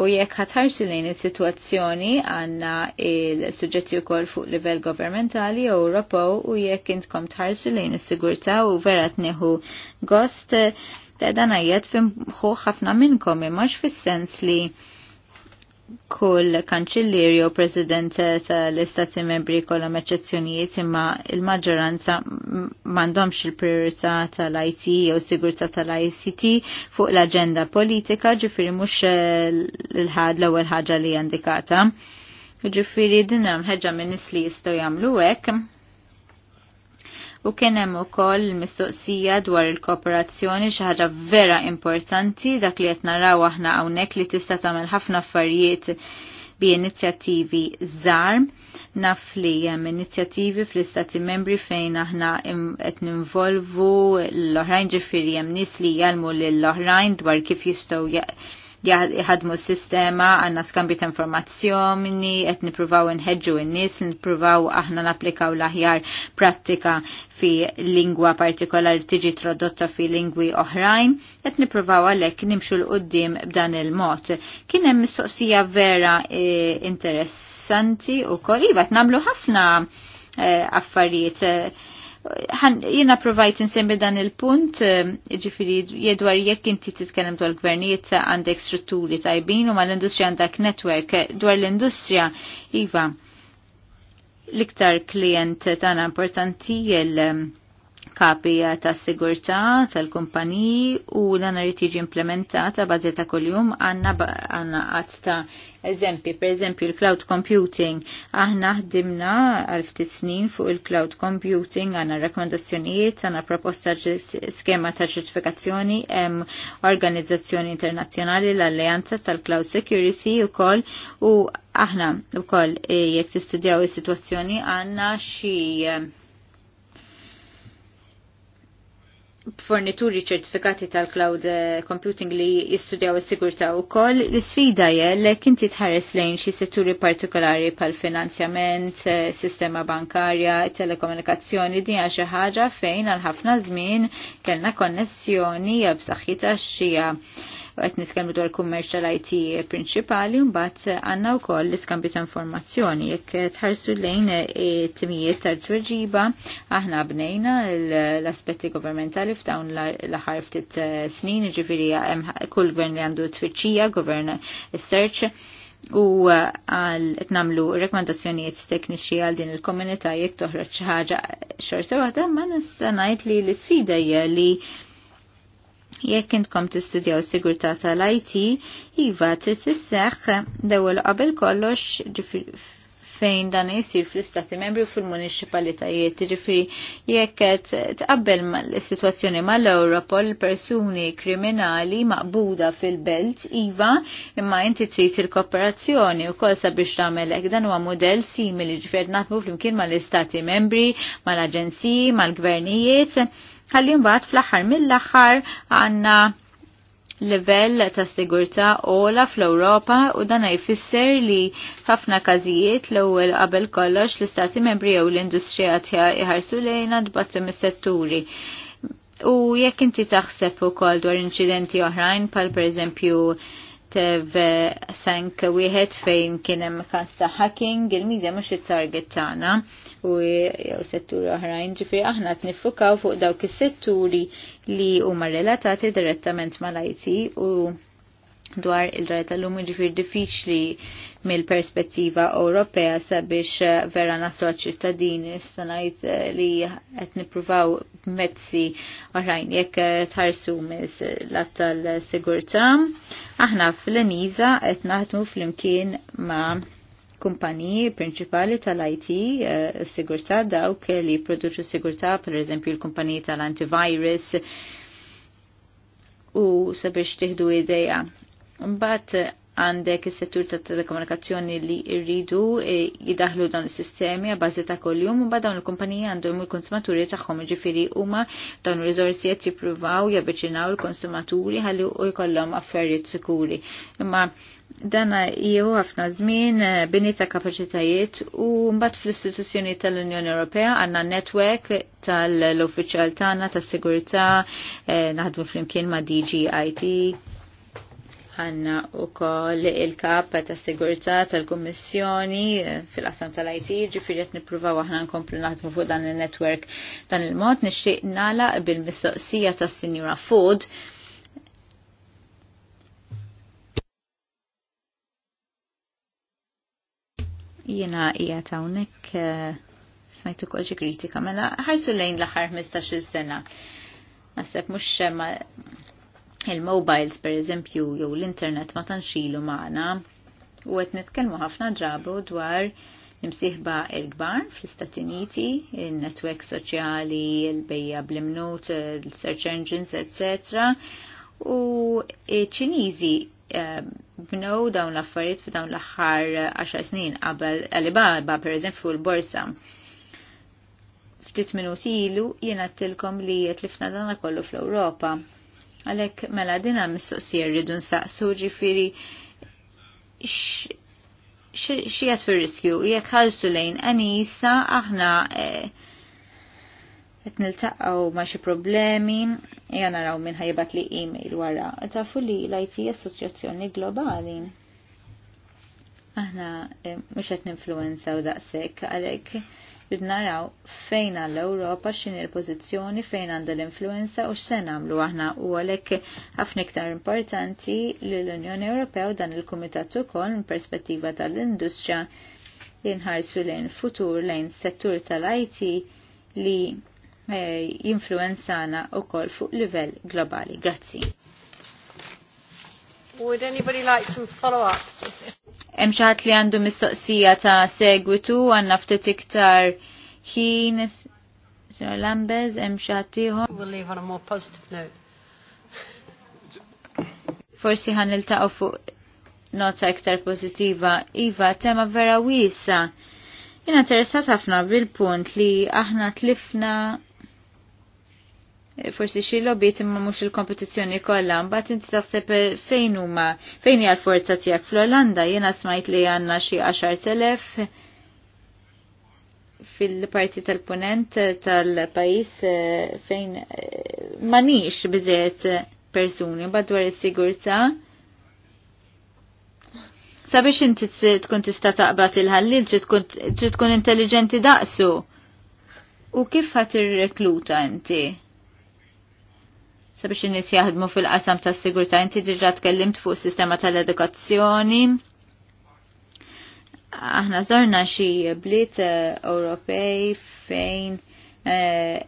u jekk ħatħarsu lejn is-sitwazzjoni għandna il-suġġetti wkoll fuq livell governmentali u Ewropew u jekk intkom tħarsu lejn is-sigurtà u vera tnieħu gost ta' eh, dan ajjed fimħu ħafna minnkom imma fis-sens li kull kanċilleri u president tal-istati membri kollha eċċezzjonijiet imma il-maġġoranza m'għandhomx il-priorità tal-IT jew sigurtà tal-ICT fuq l-aġenda politika ġifieri mhux l-ħad l-ewwel ħaġa li indikata. Ġifieri din hemm ħeġa' minn nies li jistgħu jagħmlu hekk u kien hemm ukoll mistoqsija dwar il-kooperazzjoni xi ħaġa vera importanti dak li qed naraw aħna hawnhekk li tista' tagħmel ħafna affarijiet bi inizjattivi żgħar naf li hemm inizjattivi fl-istati membri fejn aħna qed ninvolvu l-oħrajn ġifieri hemm nies li jgħalmu lill-oħrajn dwar kif jistgħu jħadmu s-sistema, għanna skambju ta' informazzjoni, qed nippruvaw nħeġġu n-nies, nippruvaw aħna napplikaw l-aħjar prattika fi lingwa partikolari tiġi tradotta fi lingwi oħrajn, qed nippruvaw għalhekk nimxu l-qudiem b'dan il-mod. Kien hemm mistoqsija vera e, interessanti u kol iva namlu ħafna e, affarijiet e, jina provajt insemmi dan il-punt, eh, ġifiri jedwar jekk inti titkellem dwar gvernijiet għandek strutturi tajbin u mal-industrija għandak netwerk dwar l-industrija, iva, l-iktar klient tana importanti l- kapija ta' sigurtà tal-kumpaniji u dan irid jiġi implementata bażi ta' kuljum għandna għandna qatt ta' eżempji, pereżempju il-cloud computing. Aħna ħdimna għal ftit snin fuq il-cloud computing għandna rakkomandazzjonijiet, għandna proposta skema ta' ċertifikazzjoni hemm organizzazzjoni internazzjonali l-Alleanza tal-Cloud Security ukoll u aħna wkoll e, jekk tistudjaw is-sitwazzjoni għandna xi fornituri ċertifikati tal-cloud eh, computing li jistudjaw is-sigurtà wkoll, l-isfida jellek inti tħares lejn xi setturi partikolari pal finanzjament eh, sistema bankarja, telekomunikazzjoni din xi ħaġa fejn għal ħafna żmien kellna konnessjoni b'saħħitha xija għet nitkellmu dwar kummerċ it prinċipali, mbagħad għandna wkoll l-iskambju ta' informazzjoni. Jekk tħarsu lejn timijiet tal-tweġiba, aħna bnejna l-aspetti governmentali f'dawn l-aħħar ftit snin, ġifieri kull gvern li għandu tfittxija, s search u għal namlu rekomendazzjonijiet tekniċi għal din il-komunità jekk toħroġ xi ħaġa xorta waħda ma nista' ngħid li l-isfida hija li Jekk intkom tistudjaw sigurtà tal-IT, iva trid tisseħħ dewel qabel kollox fejn dan jisir fl-istati membri u fil-municipalitajiet, ġifiri jekk tqabbel l-situazzjoni mal-Europol persuni kriminali maqbuda fil-belt iva imma inti trid il-kooperazzjoni u kol sabiex tagħmel hekk dan huwa mudell simili ġifier naħdmu flimkien mal-istati membri, mal-aġenziji, mal-gvernijiet ħalli mbagħad fl-aħħar mill-aħħar għandna level ta' sigurta ola fl-Ewropa u dan jfisser li ħafna każijiet l-ewwel qabel kollox l-istati membri jew l-industrija iħarsu lejna dbatt mis-setturi. U jekk inti taħseb ukoll dwar incidenti oħrajn pal pereżempju kienet eh, sank wieħed fejn kien hemm każ ta' hacking, il media mhux it-target tagħna u jew setturi oħrajn ġifi aħna qed nifukaw fuq dawk is-setturi li huma relatati direttament mal-IT u dwar il-ġara tal-lum ġifir diffiċli mill-perspettiva Ewropea sabiex eh, vera naslu ċittadini stanajt eh, li qed nippruvaw mezzi oħrajn jekk eh, tħarsu mis l tal-sigurtà. Aħna fl-Eniża qed naħdmu flimkien ma' kumpaniji prinċipali tal-IT sigurtà dawk li jipproduċu sigurtà, per eżempju l-kumpaniji tal-antivirus u sabiex tiħdu idea Mbagħad għandek is-settur ta' telekomunikazzjoni li rridu e, jidaħlu dawn is-sistemi għal ta' kuljum u dawn il-kumpaniji għandhom il-konsumaturi tagħhom ġifieri huma dawn ir-riżorsi qed jippruvaw jabbiċinaw il-konsumaturi ħalli u jkollhom affarijiet sikuri. Imma dana jieħu ħafna żmien e, bini ta' kapaċitajiet u mbagħad fl-istituzzjoni tal-Unjoni Ewropea għandna netwerk tal-uffiċjal tagħna tas-sigurtà e, naħdmu flimkien ma' DGIT ħanna u koll il-kap ta' sigurtà tal-Kommissjoni eh, fil-qasam tal-IT, ġifiri għet nipruvaw għahna nkomplu naħdmu fuq dan il-network dan il-mod, nixtieq nala bil-mistoqsija ta' Sinjura Food. Jena hija ta' unek eh, smajtu kolġi kritika, mela ħarsu lejn l aħħar 15 sena. Nasib mux il-mobiles per eżempju jew l-internet ma tanxilu maħna u għet nitkelmu ħafna drabu dwar imsiħba il-gbar fl-Istati Uniti, il-netwerk soċjali, il-bejja bl-imnut, il-search engines, etc. U ċinizi eh, bnow dawn l-affarijiet f'dawn l-aħħar 10 snin qabel Alibaba per eżempju l-borsa. Ftit minuti ilu jiena tilkom li jitlifna dana kollu fl-Ewropa Għalek mela dina mis-soqsija rridu nsaqsu ġifiri xiet fir riskju jekk ħalsu lejn anisa aħna eh, qed niltaqgħu ma' xi problemi hija naraw minn ħajbat li email wara. Tafu li l-IT Assoċjazzjoni Globali aħna eh, mhux qed ninfluwenzaw daqshekk għalhekk Bidnaraw naraw fejn għall europa x'in il-pożizzjoni fejn għandha l-influenza u x'se nagħmlu aħna u għalhekk ħafna iktar importanti li l-Unjoni Ewropew dan il-Kumitat ukoll minn perspettiva tal-industrija li nħarsu lejn futur lejn settur tal-IT li jinfluenzana eh, u kol fuq livell globali. Grazzi.
Would anybody like some follow-up?
Hemm xi li għandu mistoqsija ta' segwitu għandna ftit iktar ħin Sir Lambez hemm xi ħadd ieħor. We'll leave on a more positive note. Forsi ħan niltaqgħu fuq nota iktar pożittiva. Iva, tema vera wiesa. Jina interessat ħafna bil-punt li aħna tlifna forsi xi lobbiet imma mhux il-kompetizzjoni kollha, mbagħad inti taħseb fejn huma fejn hija l-forza tiegħek fl-Olanda jiena smajt li għandna xi 10,000 fil-parti tal-punent tal-pajis eh, fejn eh, manix biżiet persuni, bad dwar is-sigurtà. Sabiex inti tkun tista' taqbad il-ħallil, trid tkun intelligenti daqsu. U kif ħat irrekluta inti? sabiex in-nies jaħdmu fil-qasam tas-sigurtà. Inti diġà tkellimt fuq is-sistema tal-edukazzjoni. Aħna żorna xi bliet eh, Ewropej fejn eh,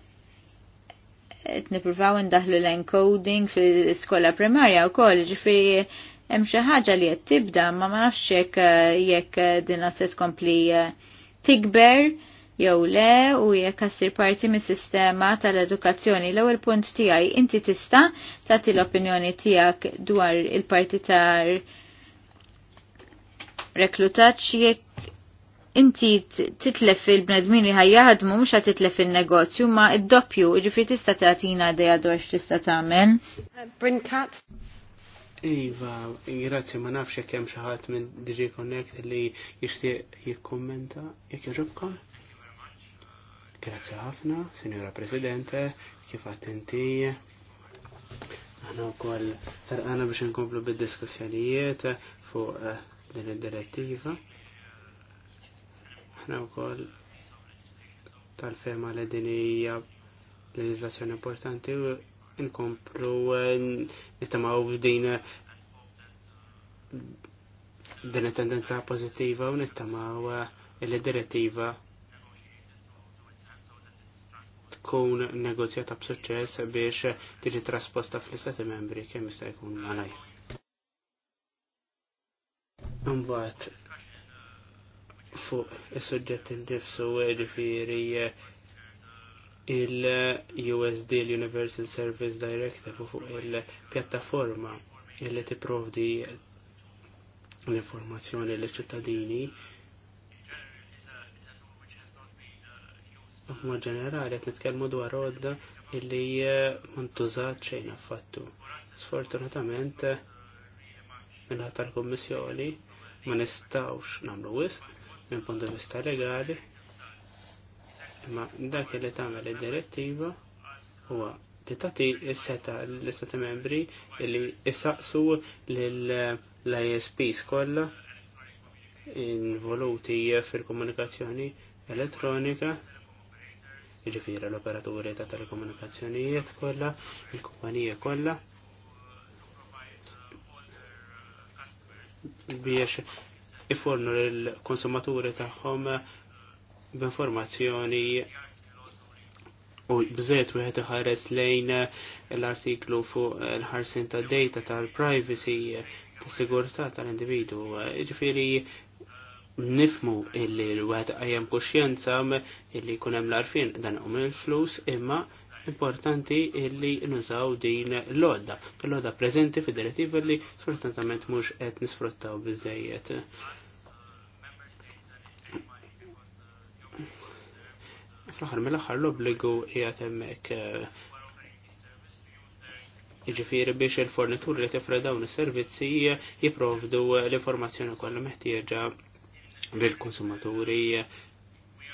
qed nippruvaw indaħlu l-encoding fil-iskola primarja wkoll, ġifieri hemm xi ħaġa li qed tibda ma ma nafx jekk eh, jekk din se tkompli tikber jew le u jekk assir parti mis-sistema tal-edukazzjoni. L-ewwel punt tiegħi inti tista' tagħti l-opinjoni tiegħek dwar il-parti tar reklutat jekk inti titlef il-bnedmin li ħajjaħdmu mhux qed titlef il-negozju ma id-doppju, jiġifieri tista' tagħtina idea dwar x'tista' tagħmel.
Uh, Brinkat. Iva, grazzi, ma nafx jekk hemm xi ħadd minn DG Connect li jixtieq jikkummenta jekk jogħġobkom. Grazzi ħafna, Signora Presidente, kif attenti. Aħna wkoll ferqana biex nkomplu bid-diskussjonijiet fuq eh, din id-direttiva. Aħna wkoll tal-fema li din hija leġislazzjoni importanti u nkomplu eh, nittamaw f'din eh, din tendenza pozittiva u nittamaw il-direttiva tkun negozjata b'suċċess biex tiġi trasposta fl-Istati membri kemm jista' jkun malaj. Mbagħad fuq is-suġġett innifsu ġifieri il-USD, l-Universal Service Directive, u fuq il-pjattaforma illi tipprovdi l-informazzjoni l-ċittadini ma ġenerali qed nitkellmu dwar għodda illi eh, ma ntużat xejn affattu. Sfortunatament eh, minħat tal-Kummissjoni ma nistawx nagħmlu wisq minn punt di vista legali imma dak li tagħmel id-direttiva huwa li tagħti s-seta l-istati membri li issaqsu l-ISPs kollha involuti fil-komunikazzjoni elettronika jiġifieri l-operaturi ta' telekomunikazzjonijiet kollha, il-kumpanija kollha. biex ifornu l-konsumaturi tagħhom b'informazzjoni u bżet wieħed iħares lejn l-artiklu fuq il-ħarsin ta' data tal-privacy ta' sigurtà tal-individu. Ġifieri nifmu illi l-wħed għajem kuxjenza illi kunem l-arfin dan u il-flus imma importanti illi nużaw din l-odda. L-odda prezenti fil-direttiva li sfortunatament mux qed nisfruttaw bizzejiet. Fl-axar mill ħar l-obligu jgħatemmek emmek eh, Iġifiri biex il-fornitur li tifra dawn is-servizzi jiprovdu l-informazzjoni kollha meħtieġa l-konsumaturi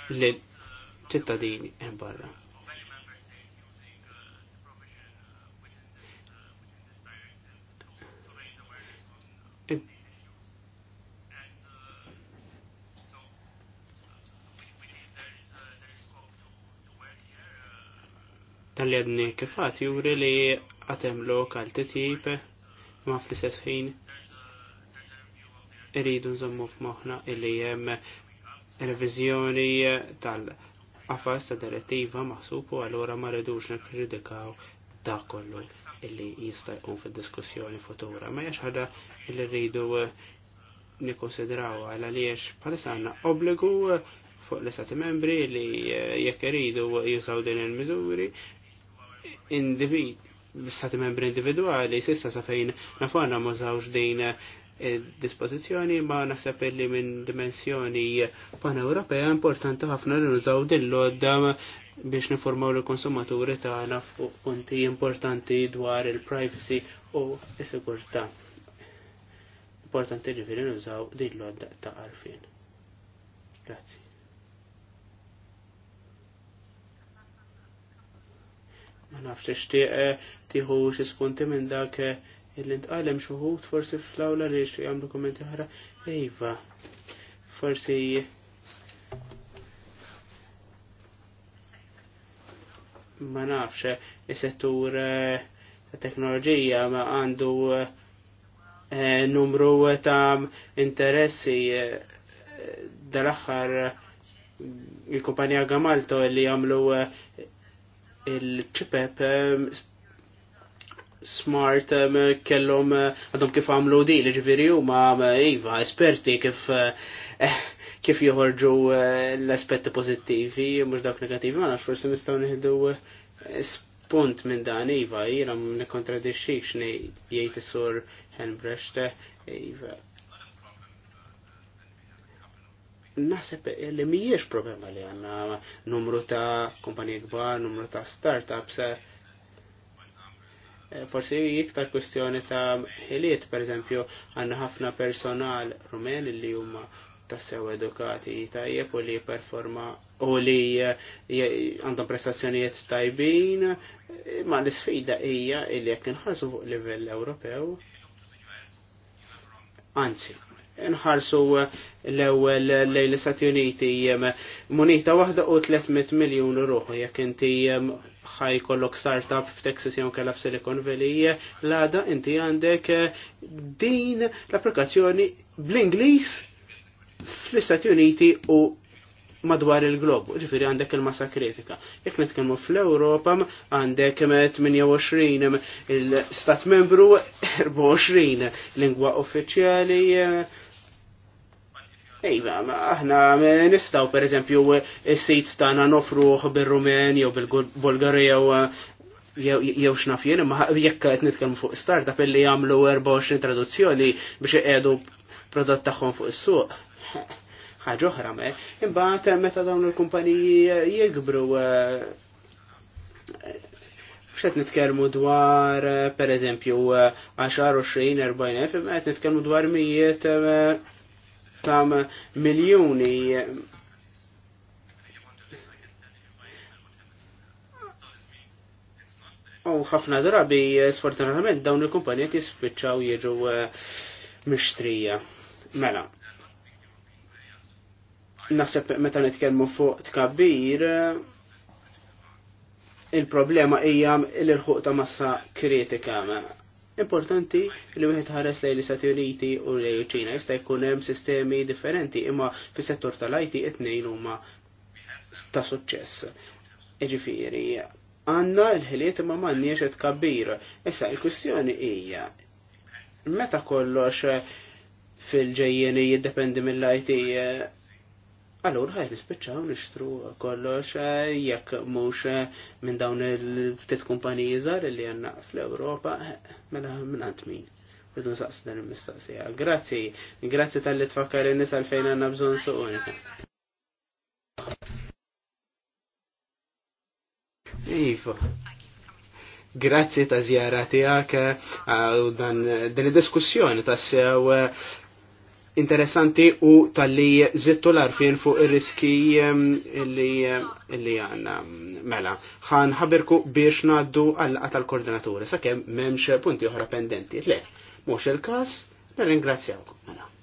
l-ċittadini hemm barra. E- tal-li għadni kifat juri li għatem lokal t titjib ma fl sessħin irridu nżommu f'moħħna illi hemm revizjoni tal-qafas ta' direttiva maħsub u allura ma rridux nikkritikaw da kollu illi jista' jkun fid-diskussjoni futura. Ma jax ħada illi rridu eh, nikkonsidraw għal għaliex bħalissa għandna obbligu eh, fuq l-istati membri li eh, jekk iridu jużaw din il-miżuri individ l-istati membri individuali sissa sa fejn għanna mużawx din il-dispozizjoni ma naħseb li minn dimensjoni pan-Ewropea importanti ħafna li nużaw dill-lodda biex niformaw l-konsumaturi tagħna fuq punti importanti dwar il-privacy u s-sigurtà. Importanti ġifieri nużaw dill-lodda ta' arfin. Grazzi. Ma nafx tixtieq eh, tieħu xi spunti minn dak eh, illi ntqalem xuħut forsi fl-awla li xie għamlu kommenti ħra ejva. Forsi ma nafx, is-settur eh, ta' teknoloġija ma għandu eh, numru ta' interessi eh, dal-axħar il-kumpanija Gamalto li jagħmlu il chipep smart kellom eh, għadhom kif għamlu di li ġifiri u ma jiva eh, esperti kif eh, kif joħorġu l-aspetti pozittivi mux dawk negativi ma nafx forse nistgħu nieħdu spunt minn dan jiva jiram ne nikkontradixxix ne is-sur Henbrecht jiva nasib li mhijiex problema li għandna numru ta' kumpanija kbar, numru ta' startups, forsi iktar kwestjoni ta' ħiliet, per eżempju, għanna ħafna personal rumen li huma tassew edukati tajjeb u li performa u li eh, għandhom prestazzjonijiet tajbin, eh, ma l-sfida hija li jekk inħarsu fuq livell Ewropew. Anzi, nħarsu uh, l-ewwel lejn l-Istati Uniti um, munita waħda u 300 miljun ruħu jekk inti um, ħaj kollok startup f'Texas jew kellha f'Silicon Valley, l-għada inti għandek uh, din l-applikazzjoni bl-Ingliż fl-Istati Uniti u madwar il-globu, ġifiri għandek il-massa kritika. Jek nitkellmu fl-Europa, għandek 28 il-stat membru, 24 lingwa uffiċjali, Iva, aħna nistaw per eżempju s sejt tana nofruħ bil-Rumen jew bil-Bulgarija jew jew x'naf jien, jekk qed nitkellmu fuq startup illi jagħmlu 24 traduzzjoni biex iqegħdu prodott tagħhom fuq is-suq. Ħaġa oħra me, imbagħad meta dawn il-kumpaniji jikbru eh, xed nitkermu dwar eh, per eżempju 10, 20, 40, qed nitkellmu dwar mijiet eh, ta' miljoni U ħafna drabi, sfortunatament, dawn il-kumpanijiet jispiċċaw jiġu eh, mixtrija. Mela. Naħseb meta nitkellmu fuq tkabbir, il-problema hija l-irħuq ta' massa kritika. Importanti li wieħed ħares lejn l-Istati Uniti u lejn ċina jista' jkun hemm sistemi differenti imma fis-settur tal-IT it-tnejn huma ta' suċċess. Jiġifieri, għandna l-ħiliet imma m'għandniex qed kabbir. Issa l-kwistjoni hija meta kollox fil-ġejjeni jiddependi mill-IT Allura ħajt nispiċċaw nixtru kollox eh, jekk mhux eh, minn dawn il-ftit kumpaniji żgħar li għanna fl-Ewropa eh, mela minn għand min. Rridu nsaqs dan il-mistaqsija. Grazzi, grazzi tal-li tfakkar in-nies għalfejn għandna bżonn suq Iva. Grazzi ta' zjara tiegħek dan din id-diskussjoni ta' sew interessanti u tal-li zittu l-arfin fuq ir-riski li għanna. Mela, ħan ħabirku biex naddu għal tal-koordinatura, sakemm memx punti oħra pendenti. Le, mux il-kas, nirringrazzjawkom. Mela.